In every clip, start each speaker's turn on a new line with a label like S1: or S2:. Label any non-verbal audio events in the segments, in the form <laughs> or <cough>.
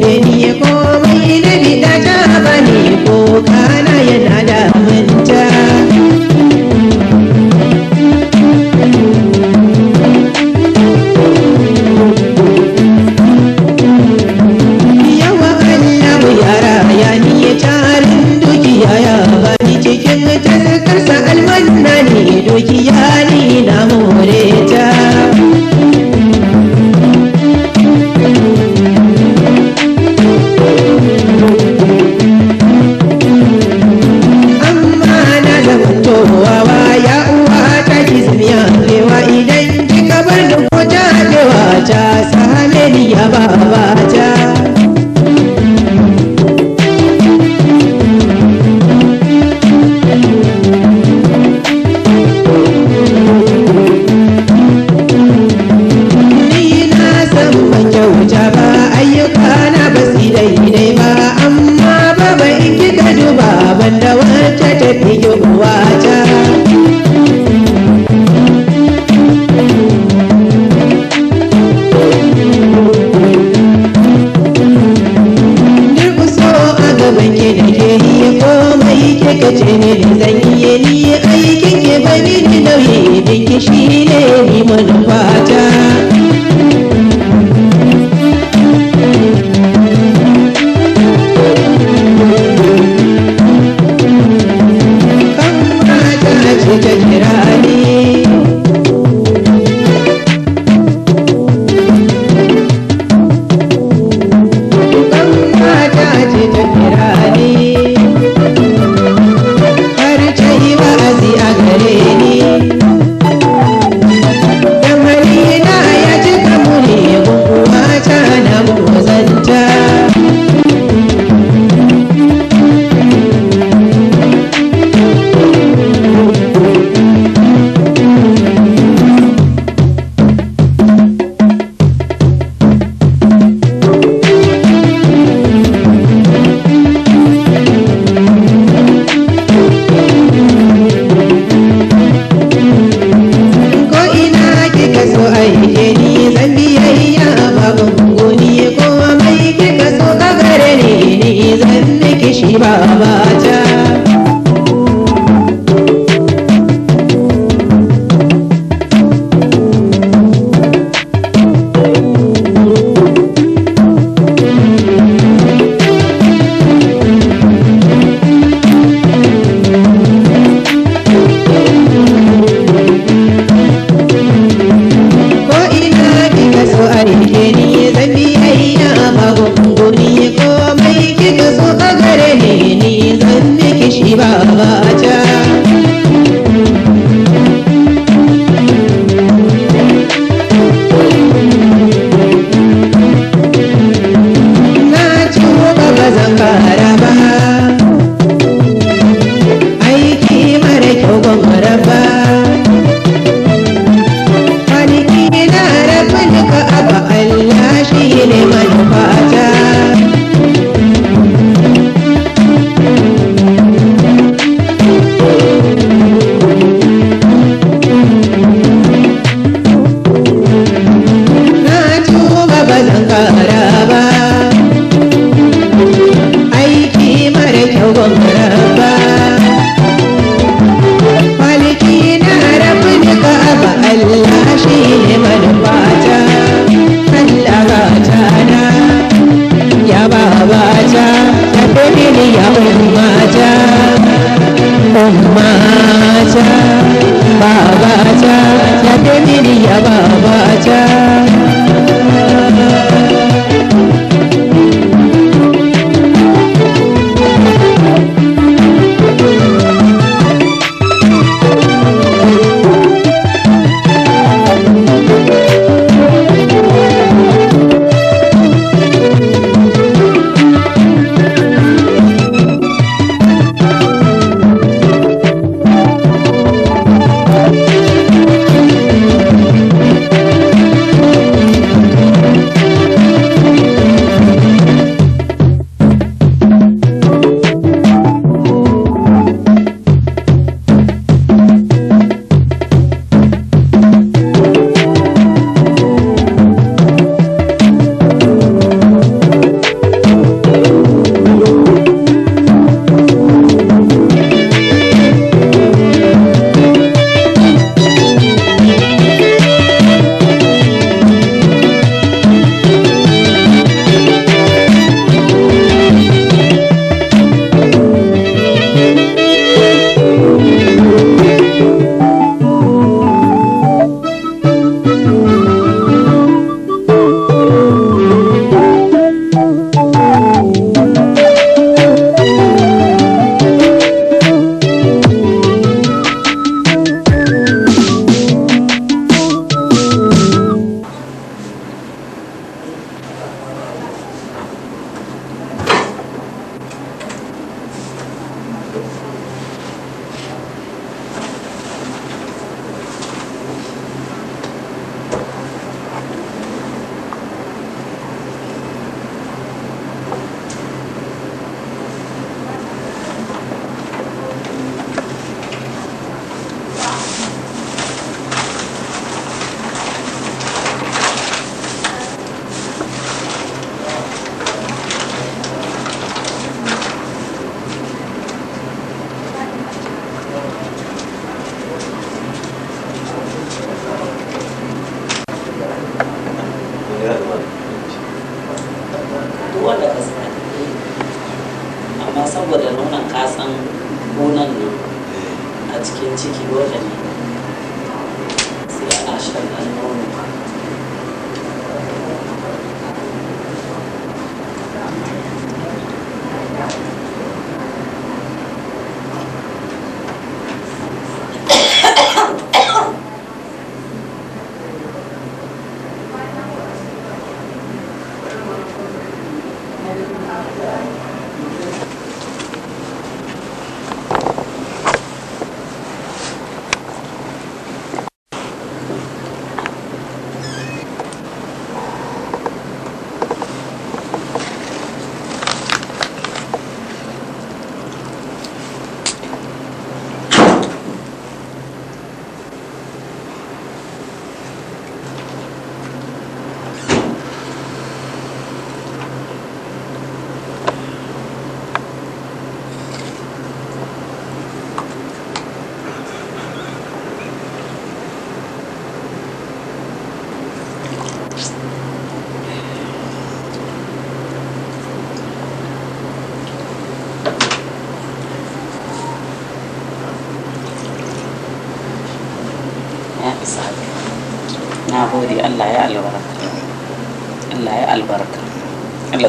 S1: da ni komai na bi ta ne ko ka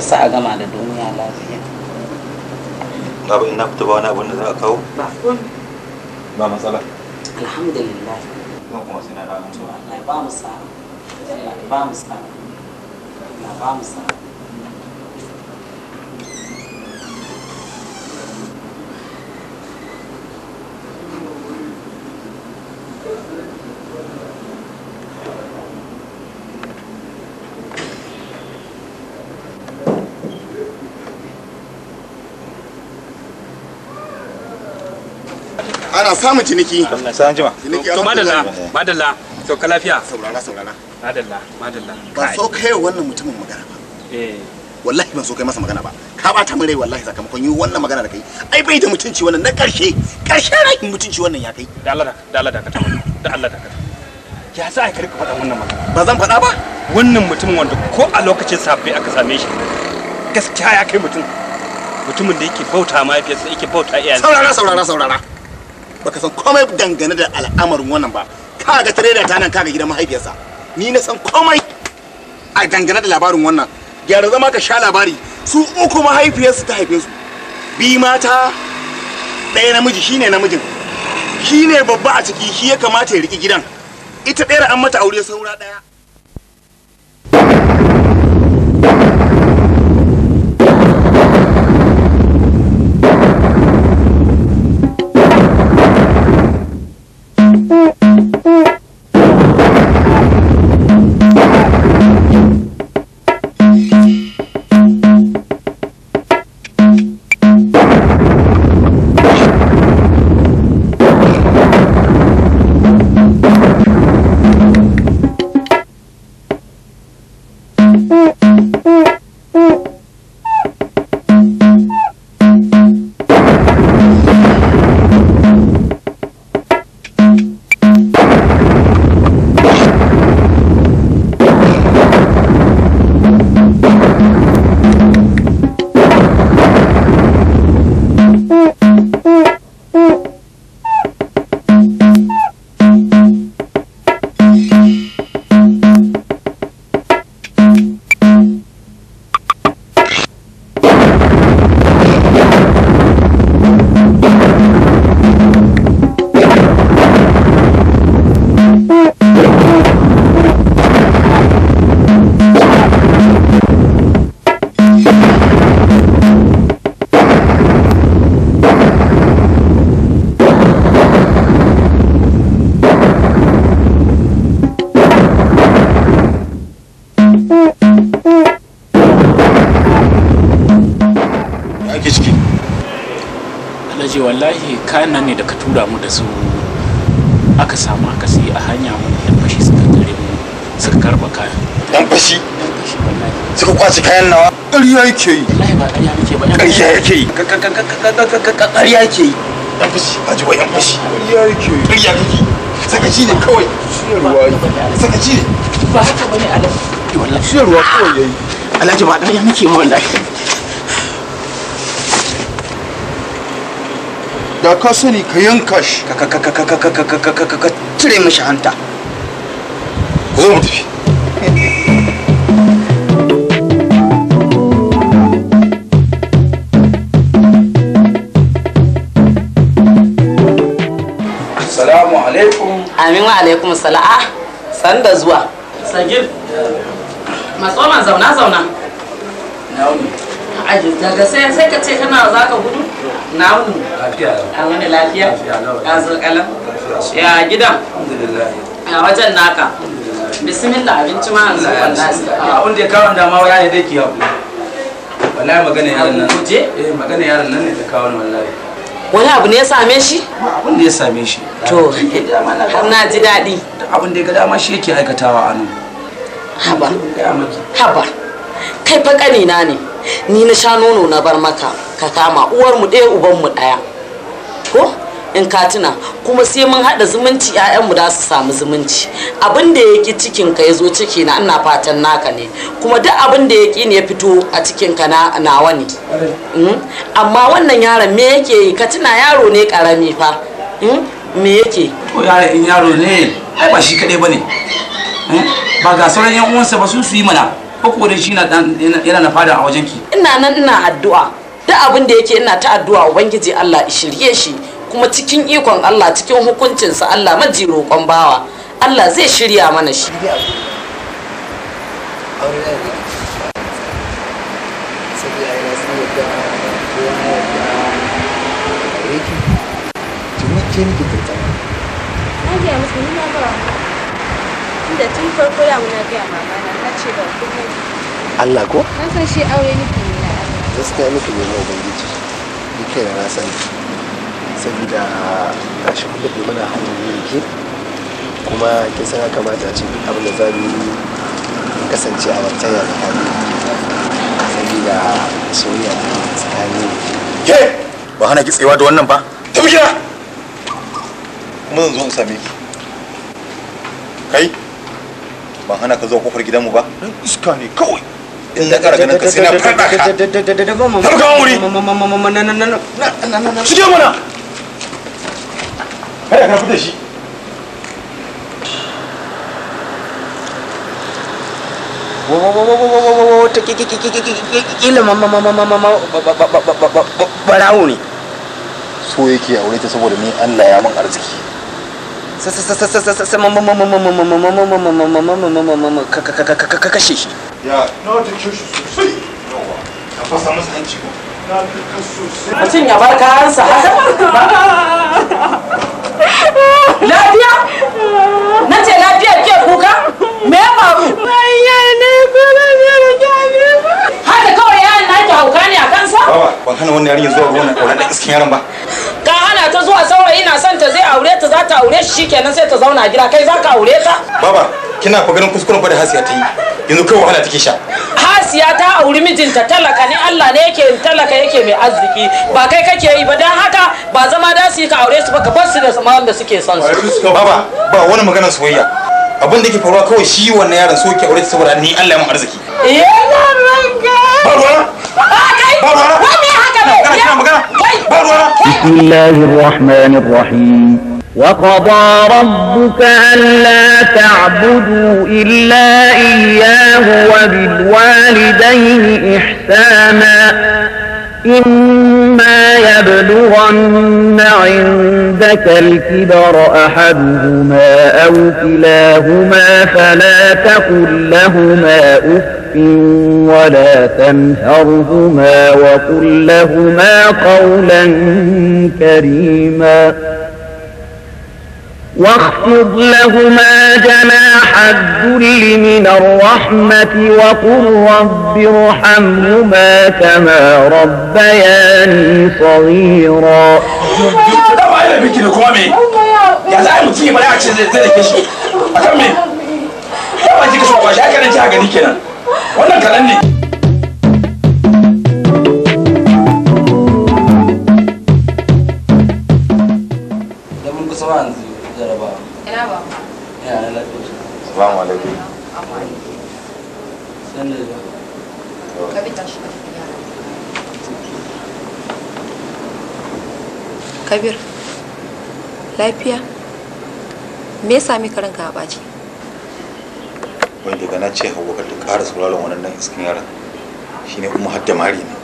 S2: sa a gama da duniya lafiya
S3: babu ina fita ba wani abin da za a kawo
S2: ba ba matsala alhamdulillah ba kuma sai na ba mu sa ba mu sa ba mu sa
S4: ana samun ciniki sanan jima to madalla eh.
S5: madalla ka lafiya
S4: saurara saurara
S5: madalla madalla ba so
S4: kai wannan mutumin magana ba eh wallahi ban so kai masa magana ba ka bata min rai wallahi sakamakon yi wannan magana da kai ai bai da mutunci wannan na karshe karshe rai mutunci wannan ya kai da Allah da Allah da ka ta da Allah da ka ya sa ai
S5: rika faɗa wannan magana ba zan faɗa ba wannan mutumin wanda ko a lokacin safe aka same shi
S4: gaskiya ya kai mutum mutumin da yake bauta mahaifiyarsa yake bauta iyayensa
S5: saurara saurara saurara
S4: baka san komai dangane da al'amarin wannan ba kaga tareda ta nan kaga gidan mahaifiyarsa ni na san komai a dangane da labarin wannan gyara zama ka sha labari su uku mahaifiyarsu ta haife su bi mata ɗaya namiji shine namijin shine babba a ciki shi ya kamata ya riki gidan ita ɗaya an mata
S6: aure saura ɗaya 嗯。
S4: ƙarya ke yi yan fashi a ji yan ƙarya ke yi ƙarya sakaci ne kawai ciyarwa
S6: yi
S7: sakaci ne ba haka bane wallahi kawai yayi ba ɗaya nake ma wallahi da ka sani ka yanka shi ka ka ka ka ka ka ka ka ka ka cire mishi hanta
S6: ku zo mu tafi
S2: alaikum amin wa alaikum sala'a ah, san da zuwa sagir matsoman zauna zauna aji daga sai sai ka ce kana za ka gudu na Lafiya. a wani lafiya a zirkalan ya gidan Alhamdulillah. a wajen naka bismillah abinci ma yanzu wallahi abin da ya kawo dama ya ne dai ki hakuri wallahi magana yaran nan eh magana yaran nan ne ta kawo wallahi
S6: wani abu ne ya same
S2: shi abin da ya same shi to har na ji daɗi abin da ya ga dama shi yake aikatawa anu haba haba kai fa ƙanina ne ni na sha nono na bar maka ka kama uwar mu ɗaya uban mu ɗaya ko in katina kuma sai mun haɗa zumunci 'ya'yanmu da su samu zumunci abin da ya ƙi cikin ka ya zo ciki na ina fatan naka ne kuma duk abin da ya ƙi ne ya fito a cikin ka na nawa ne hmm? amma wannan yaron me yake yi ka tuna yaro ne ƙarami fa hmm? me yake to yaro in yaro ne ai ba shi kaɗai ba ne hmm? ba ga sauran yan uwansa ba su su yi mana ko ko shi yana na fada a wajenki ina nan ina addu'a duk abin da yake ina ta addu'a ubangiji Allah shirye shi kuma cikin ikon Allah cikin hukuncinsa Allah maji roƙon bawa Allah zai shirya mana shi
S3: Allah ko? Na
S7: san shi aure nufin ne na
S3: Allah. Gaskiya nufin ne na Ubangiji. Ni kai na shi. saboda a shi kuma daɗe mana hannun ne ke kuma ke san ya kamata a ce
S4: abin da za mu kasance a wancan yanzu tsakani saboda soyayya da tsakani ke ba hana ki tsayawa da wannan ba ta kuma zan zo in same ki kai ban hana ka zo kofar gidanmu ba iska ne kawai in na kara ganin ka sai na fada ka.
S7: Tabbaka wuri. Shige mana.
S3: kada ka fita shi ta kila
S4: yake aure ta
S7: saboda ni Allah ya man arziki ka kashe shi sosai
S4: ka fasa masa
S6: lafiya na ce lafiya ke kuka me ya faru bayan ne kuma ne hauka ne a
S2: kansa
S4: ban hana wannan yarinya zuwa gona ko da iskin yaron ba
S2: ka hana ta zuwa saurayi na son ta zai aure ta za ta aure shi shikenan sai ta zauna a gida kai za ka aure ta
S3: baba kina fa ganin kuskuren fa da hasiya ta yi yanzu kai wahala take sha
S2: hasiya ta auri mijinta talaka ne Allah ne yake talaka yake mai arziki ba kai kake yi ba dan haka ba zama da su ka aure su ba ka bar su da samawan da suke son
S3: su baba ba wani maganar soyayya abin da ke faruwa kawai shi wannan yaron so ke aure saboda ni Allah ya mun arziki eh ba ruwa بسم الله الرحمن
S2: الرحيم وقضى ربك ألا تعبدوا
S6: إلا إياه وبالوالدين إحسانا إما يبلغن عندك الكبر أحدهما أو كلاهما فلا تقل لهما أف ولا تنهرهما
S5: وقل لهما قولا كريما
S6: واخفض لهما جناح الذل من الرحمة وقل رب ارحمهما كما ربياني صغيرا
S4: jaraba ina ba ina na lafiya salamu alaikum sannan ka bi tashi kabir lafiya me ya sami karin ka ɓaci wai daga na ce hawa ka ta ƙara sauraron wannan iskin yaran shine kuma hadda mari ne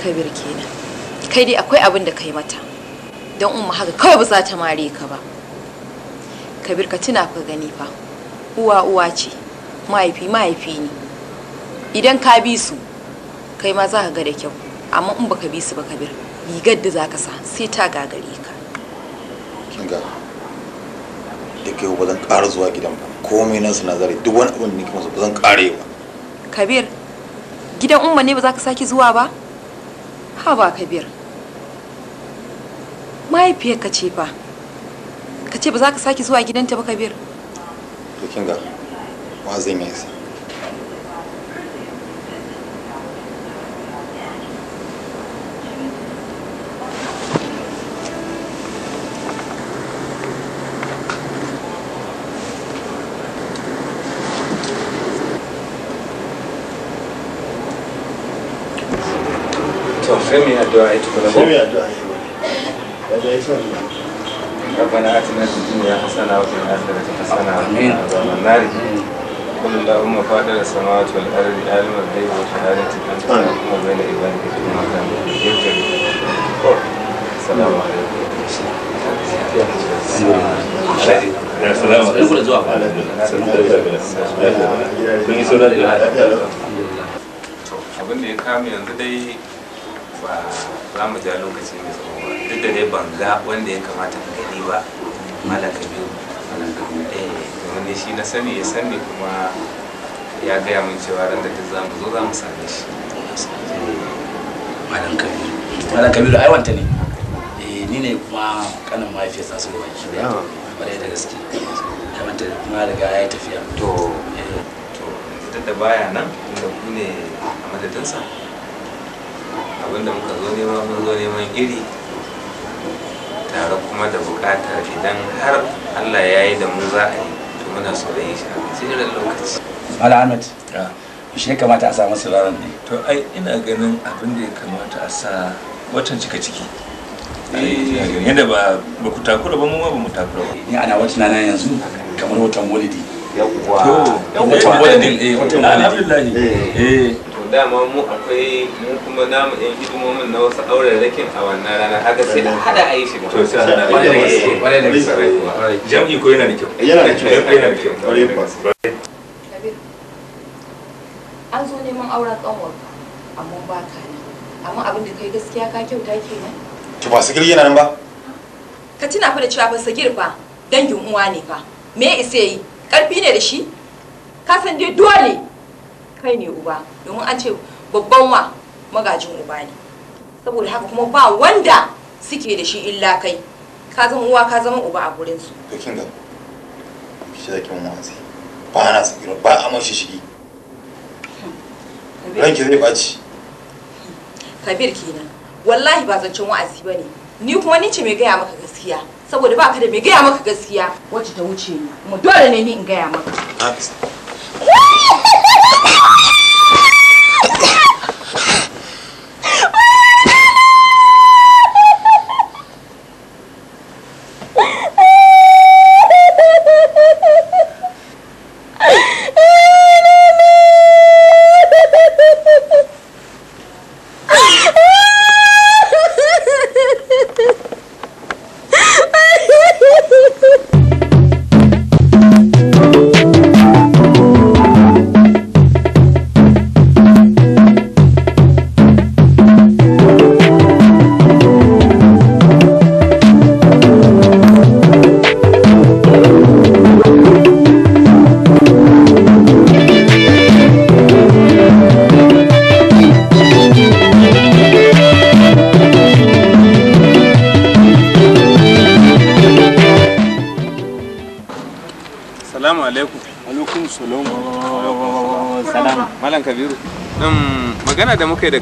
S4: kabir kenan kai dai akwai abin da kai mata don umma haka kawai ba za ta mare ka ba kabir ka tuna ka gani fa uwa uwa ce mahaifi mahaifi ne idan ka bi su kai ma za ka ga da kyau amma in baka bi su ba kabir rigar da za ka sa sai ta gagare ka kinga da kai ba zan ƙara zuwa gidan ba komai nan nazari duk wani abin da nake masa ba zan ƙare ba kabir gidan umma ne ba za ka sake zuwa ba ha ba kabir mahaifiyarka ce fa ka ce ba za ka sake zuwa gidanta ba kabir
S3: to kinga wa zan yi sa
S5: to sai mu yi addu'a ita kuma yi addu'a السماوات والأرض عالم الغيب وشهادة أنت تحكم بين عبادك فيما كانوا يمكن السلام ba. Abin da ya kama yanzu dai ba za mu ja lokaci mai tsawo ba. Duk da dai ban ga wanda ya kamata ka gani ba. Malaka biyu. Eh, shi na sani ya sani kuma ya gaya min cewa ran
S2: da za mu zo mu same shi eh, malam kabiru eh. malam kabiru ai wanta ne eh ni ne kuma kanin sa su ba shi ba bare da gaske ai wanta kuma riga ya tafiya to eh. to duk da baya nan
S5: inda ku ne a sa abinda muka zo nema mun zo neman iri tare kuma da bukatar idan har Allah ya yi da mu za a yi to muna so da yin shi a lokaci Ahmed. Shi ne kamata a sa masa ranar ne. To ai ina ganin abin da ya kamata a sa watan cika ciki. Eh. Yadda ba ba ku takura ba mu ba mu takura ba. Ni ana watan na yanzu
S2: kamar watan walidi. Yawwa. To watan walidi. Alhamdulillah. Eh. eh. eh.
S5: dama mu akwai mu kuma namu yan hidimomin na wasu aurarrakin a wannan rana haka sai da hada a yi shi to sai da hada a yi shi
S4: jam'i ko yana da kyau yana da kyau yana da kyau an zo neman auren kanwar amma ba ka ne amma abin da kai gaskiya ka kyauta
S3: nan. to ba sigir yana nan ba
S4: ka tuna fa da cewa ba sigir fa dangin uwa ne fa me isa yi karfi ne da shi ka san dai dole kai ne uba domin an ce babban wa magajin uba ne saboda haka kuma ba wanda suke da shi illa kai ka zama uwa ka zama uba a gurin su kin ga shi da kin ba na sigir ba amma shi shigi ranki zai ɓaci kabir kenan wallahi ba zancen wa'azi ba ne ni kuma ni ce mai gaya maka gaskiya saboda baka da mai gaya maka gaskiya wacce ta wuce ni dole ne ni in gaya maka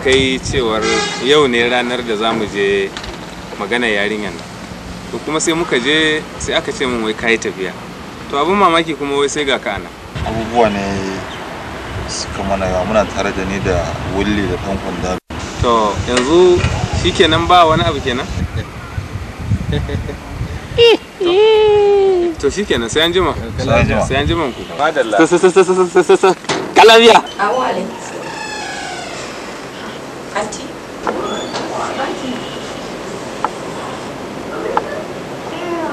S5: kai cewar yau ne ranar da za mu je magana yarinyar to kuma sai muka je sai aka ce min wai kai tafiya to abin mamaki kuma wai sai ga ka ana
S3: abubuwa ne suka mana yawa muna tare da ni da wulli da ɗan kwanda
S5: to yanzu shikenan ba wani abu kenan to shikenan sai an jima sai an jima ku kalamiya
S4: Auntie?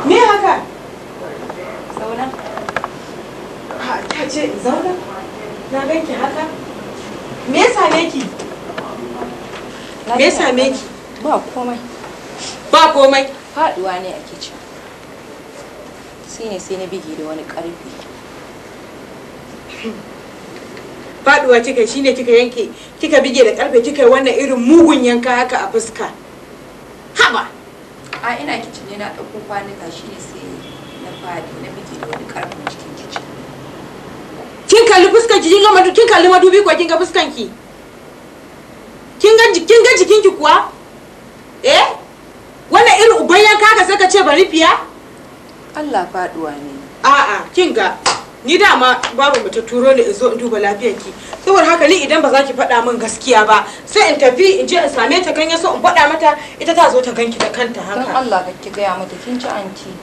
S7: Me haka? Zauna. ta ce zauna? Na haka? Me same ki? Me same ki? Ba komai.
S4: Ba komai? ne a cewa Sai ne sai na bige da wani ƙarfi.
S7: faduwa kika shine kika yanke kika bige da karfe kika wannan irin mugun yanka haka a fuska haba
S4: a ina kicin ne na dauko kwanuka shine sai na fadi na bige da wani karfin cikin kicin
S7: kin kalli fuskar ki kin ga madu kin kalli madubi ko kin ga fuskar ki kin ga kin ga jikin ki kuwa eh wannan irin uban yanka haka sai ka ce bari fiya
S4: Allah faduwa ne
S7: a'a kin ga ni dama babu mutu turo ni in zo in duba lafiyar ki saboda haka ni idan ba za ki faɗa min gaskiya ba sai in tafi in je in same ta kan yaso in faɗa mata ita ta zo ta ganki da kanta haka dan Allah ka
S4: ki gaya mata kin ci anti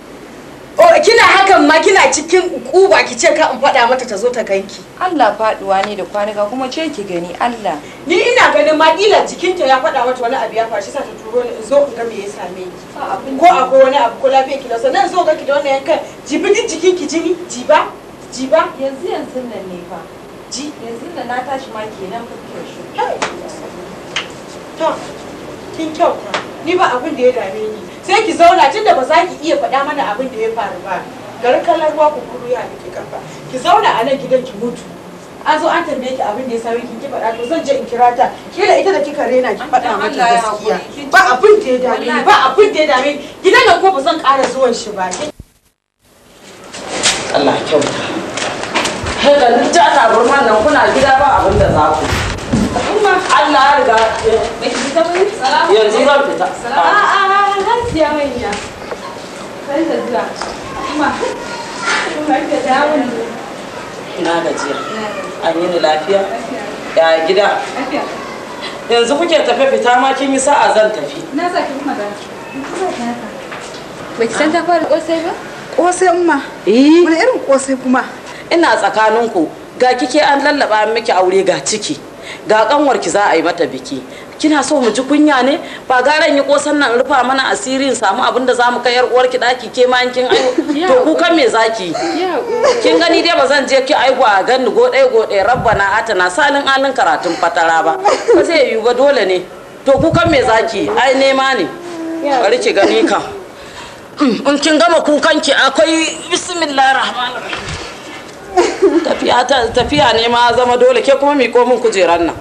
S7: o kina hakan ma kina cikin kuba ki ce ka in faɗa mata ta zo ta ganki Allah faduwa ne da kwanuka kuma ce ki gani Allah ni ina ganin ma kila jikinta ya faɗa mata wani abu ya faru shi sa ta turo ni in zo in ga me ya same ki ko akwai wani abu ko lafiyar ki na sannan zo ga ki da wannan yankan jibin jikin ki jini jiba ji ba yanzu yanzu nan ne ba ji yanzu nan na tashi ma kenan fukiyar shi to kin kyau ni ba abin da ya dame ni sai ki zauna tunda ba za ki iya faɗa mana abin da ya faru ba garin kallon ruwa ku kuru ya miki kafa ki zauna a nan gidan ki mutu an zo an tambaye ki abin da ya sami ki ki faɗa to zan je in kira ta kila ita da kika rena ki faɗa mata gaskiya ba abin da ya dame ni ba abin da ya dame ni gidan nan ko ba zan ƙara zuwan shi ba Allah kyauta
S2: daga ja nan kuna gida ba abin da za ku Allah ya riga yanzu zan fita ah.
S7: a'a siya manya sai da zuwa kuma
S2: gajiya lafiya ya gida yanzu kuke tafe fita ma kin yi sa'a zan tafi
S7: na kuma da ba ki san ta fara kosai ba
S2: kosai umma eh wani irin kosai kuma ina tsakaninku ga kike an lallaba miki aure ga ciki ga kanwarki za a yi mata biki kina so mu ji kunya ne ba garan yi kosan nan rufa mana asirin samu abin da zamu kai yar uwarki daki ke ma kin ai to ku kan me zaki
S6: kin gani dai bazan je
S2: ki ai a ganni go dai go dai rabbana atana salin alin karatun fatara ba ba zai yi ba dole ne to ku kan me zaki ai nema ne
S6: bari ki gani
S2: ka mm, in kin gama kukanki akwai bismillahir rahmanir rahim tafiya ne ma zama dole ke kuma miko min kujeran nan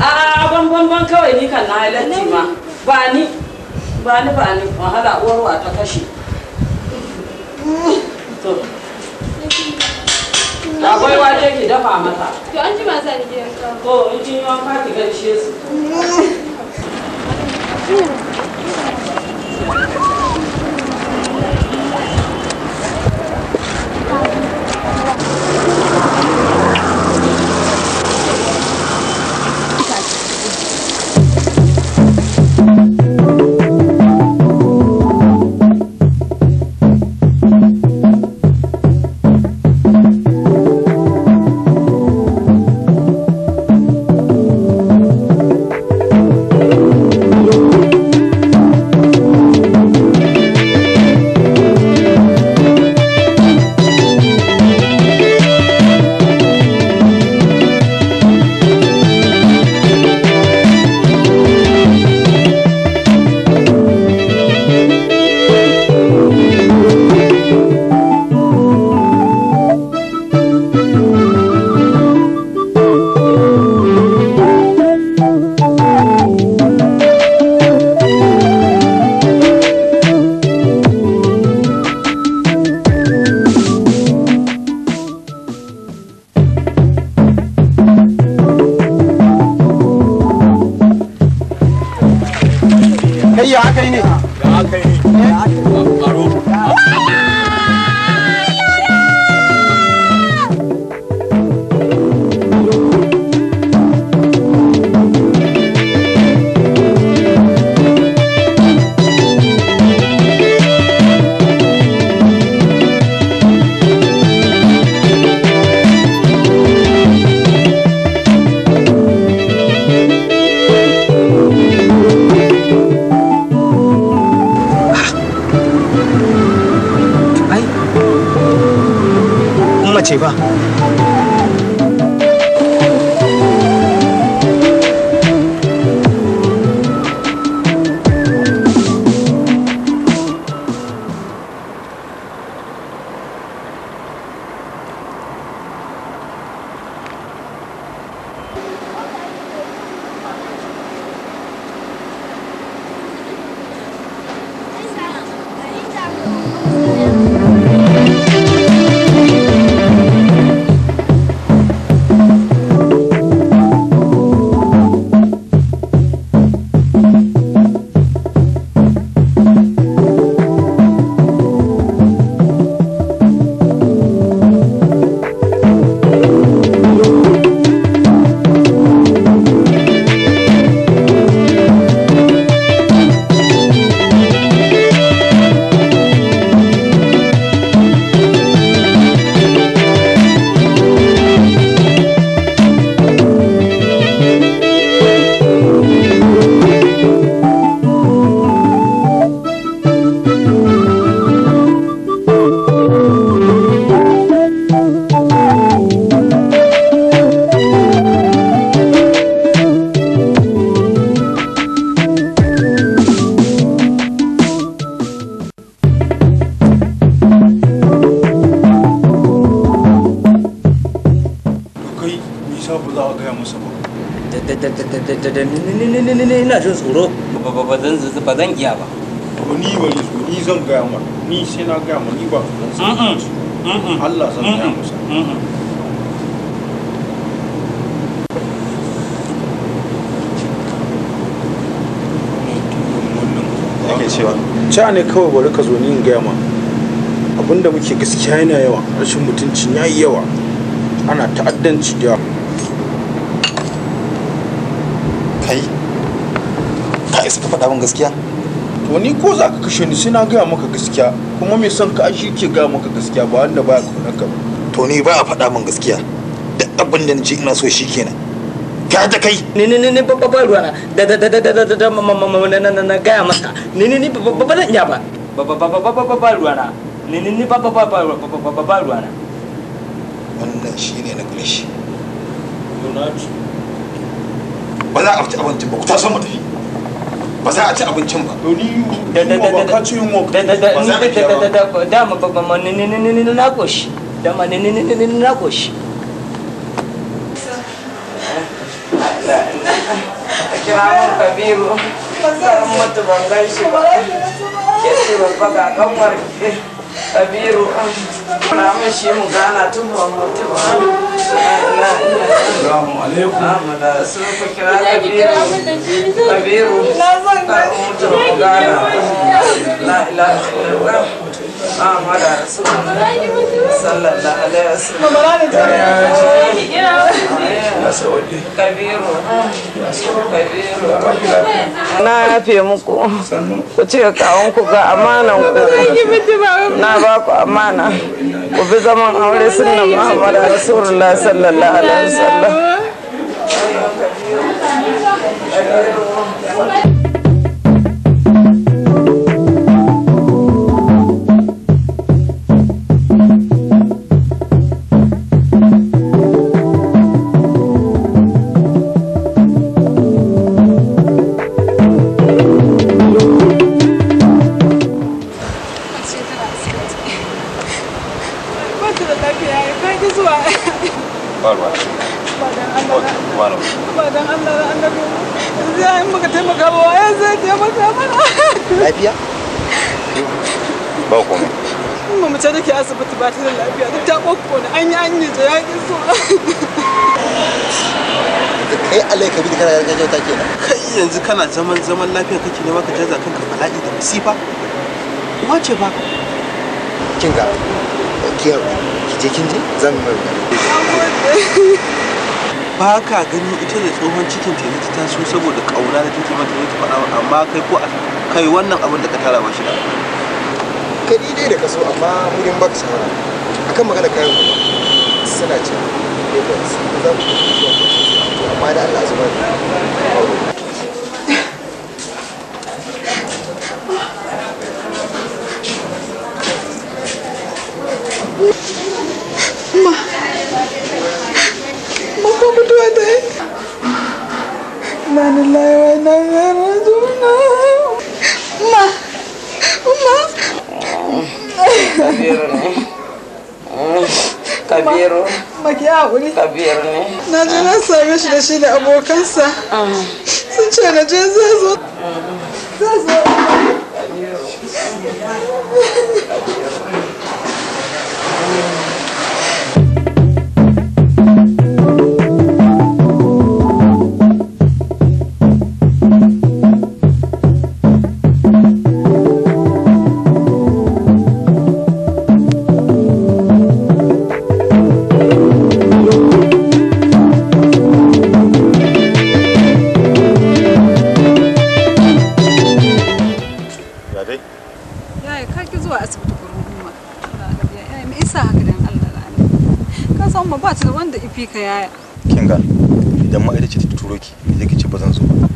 S2: a banban kawai ni kan na halarci ma ba ni ba ni ba ni wahala uwarwa ta kashe to akwai wake ki dafa mata
S4: to an ji masu ni gidan
S2: kawo to in kin yi wanka ki gaishe su
S6: <laughs>
S4: tsoro ba zan iya ba to
S7: ni wani so ni zan gaya ma
S2: ni sai na gaya ma ni ba zan Allah zan gaya masa cewa ca ne kawai bari ka zo ni
S4: gaya ma abinda muke gaskiya yana yawa rashin mutuncin yayi yawa
S3: ana ta'addanci da yawa faɗa min gaskiya to ni ko za ka kashe ni sai na gaya maka gaskiya
S4: kuma me son ka ashi ke gaya maka gaskiya ba wanda baya kaunar ka to ni ba a faɗa min gaskiya da abin da nace ina so shi kenan
S3: ka ta kai ni ni ni ba ba ruwana da da da da da da da ma ma ma na na na gaya maka ni ni ni ba ba ba iya ba ba ba ba ba ba ba ni ni ni ba ba ba ba ba ba ba
S4: wannan shine na karshe ba za a fita abincin ba ku ta san
S7: mu tafi ba za a ci abincin ba to ni da da da ka ci yunwa da ma ba ma ni ni ni ni na da ma ni ni ni ni na koshi
S2: kira mun kabiru zan mutu ban gan shi ba ke ce babba ga kanwar kabiru ah. na mun shi mu gana tun ban mutu ba eh, alaikum amana sun kira
S6: kabiru ta umutu gana la
S2: ilaha illallah amana rasulullah
S6: sallallahu
S2: alaihi wasallam kabiru kabiru na yafe muku ku ce kawon ku ga amanan ku na ba ku amana ku bi zaman aure sunnan muhammad rasulullah
S7: sallallahu
S6: alaihi wasallam Thank dạ, you. Dạ, dạ.
S3: gaba wayan eh, zai taimaka mana lafiya ba komai kuma mace da ke asibiti ba ta da lafiya duk ta kokko da an yi an yi da yaƙi so da kai alai ka bi kana gargajiya ta kenan kai
S5: yanzu kana zaman zaman lafiya kake ne maka jaza kanka bala'i da musifa wace ba kinga kiyar ki je kin je zan mai ba ka gani ita da tsohon cikin ta ta taso saboda kauna da take mata ta faɗa amma kai ko kai wannan abin da ka tara ba shi da kadi dai da kaso amma wurin baka shawara akan magana kayan kuma suna ce
S4: da za mu amma da Allah zuwa
S6: não doida. Mano, não eu ainda não não. Uma. Uma.
S2: Cabelo, né? Cabelo.
S8: Maquiagem,
S7: né?
S2: Cabelo, Na
S7: geração, eu acho que eu vou cansar. Sentia
S6: Jesus. Jesus. dai yaya ka zuwa
S7: asibiti gurin goma yaya me isa haka dan Allah rani ka san ma ba ta da wanda
S6: ifi ka yaya
S4: kinga idan ma ita ce ta turo ki zai ki ce ba zan zo ba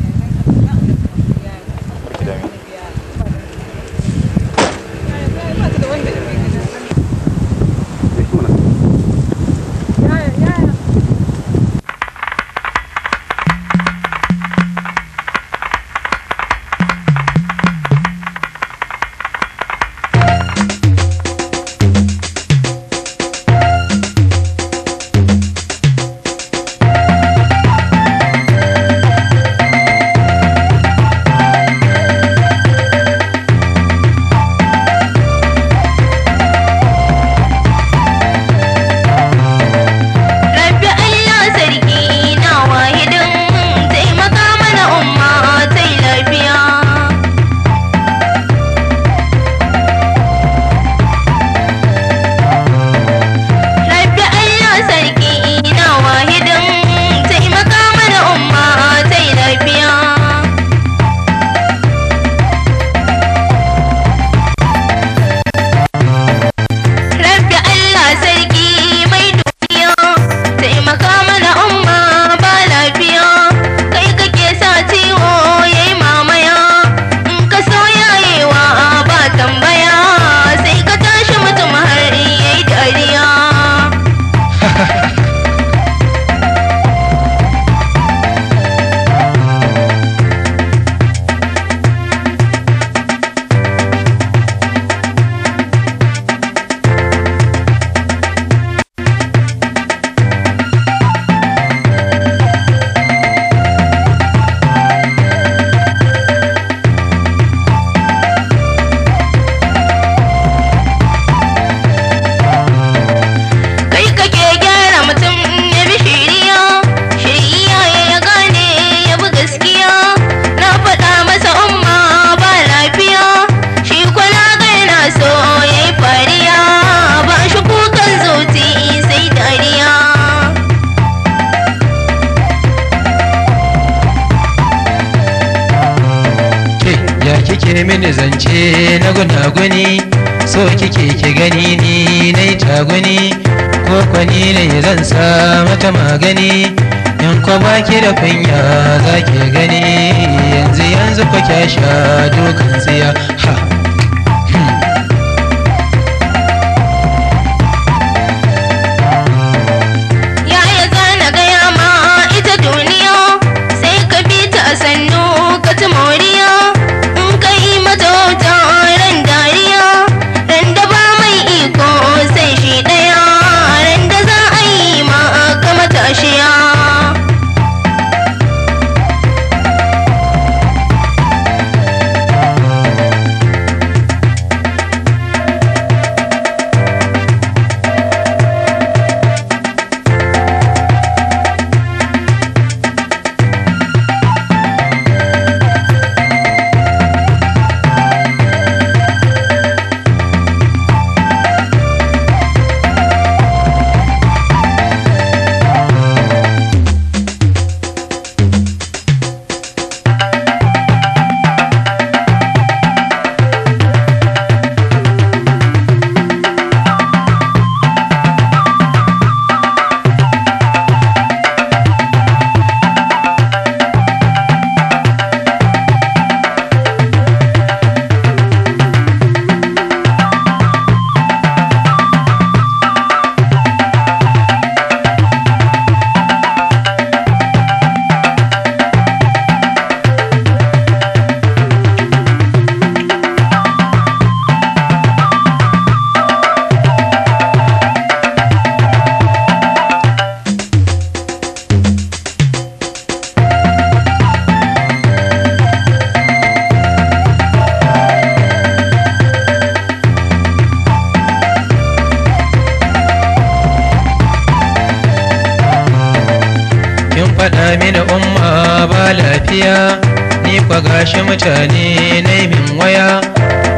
S3: mutane naimin waya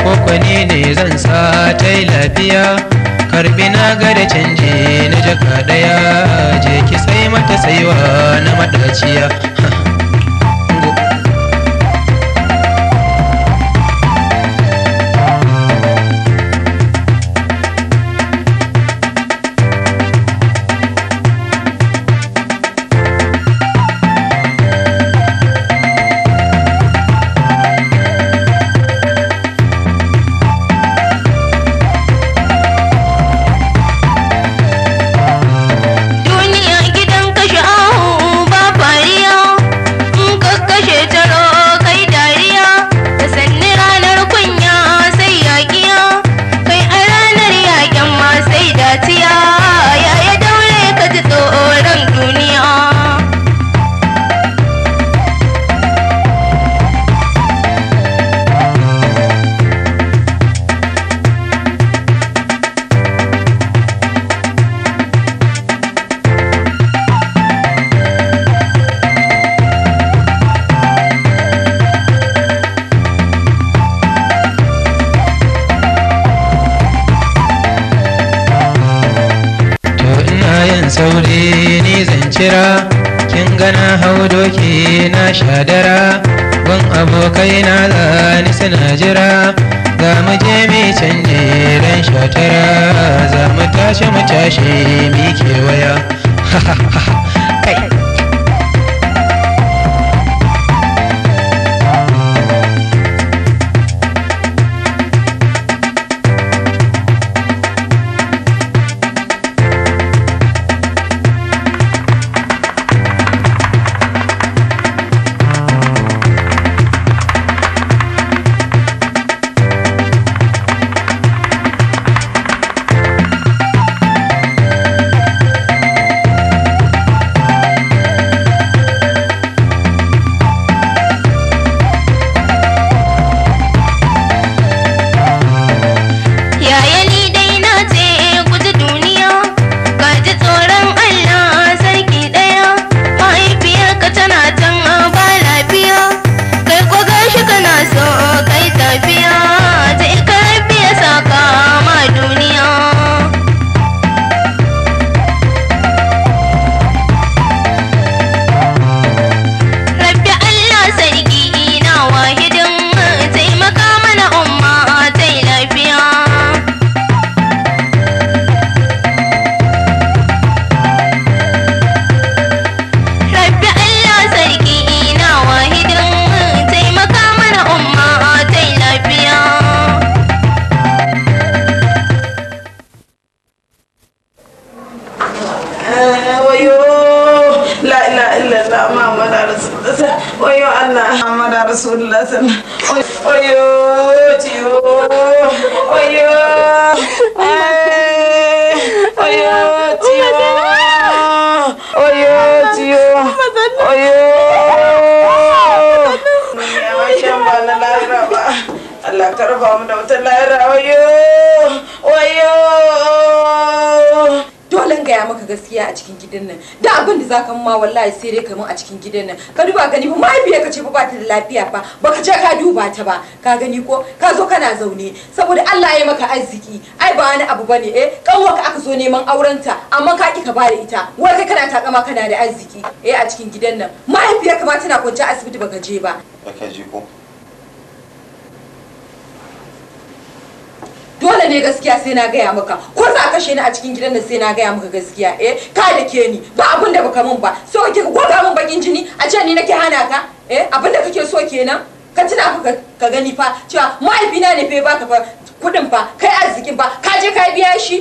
S3: ko ni ne zan sa ta yi lafiya karbi na gada da canji na jaka daya je ki sai mata saiwa na madaciya
S4: wallahi sai dai kamar a cikin gidan nan ka duba gani fa mahaifiyar ka ce fa ba ta da lafiya fa baka je ka duba ta ba ka gani ko ka zo kana zaune saboda Allah ya yi maka arziki ai ba wani abu bane eh kawo ka aka zo neman auren ta amma ka ki ka ba da ita wai kai kana takama kana da arziki eh a cikin gidan nan mahaifiyar ka ma tana kwance asibiti baka je ba je ko dole ne gaskiya sai na gaya maka ko za kashe ni a cikin gidan nan sai na gaya maka gaskiya eh ka da ke ni ba abin da baka min ba so ki ka min bakin jini a ce ni nake hana ka eh abin da kake so kenan ka tuna ka ka gani fa cewa mahaifina ne fa baka fa kudin fa kai arzikin ba ka je ka biya shi